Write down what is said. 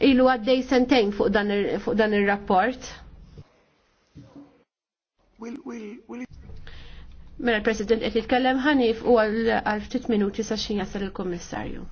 ilu għaddej sentejn fuq dan ir-rapport. Mela il president qed jitkellem ħanif u għal ftit minuti sa xin jasal il-Kummissarju.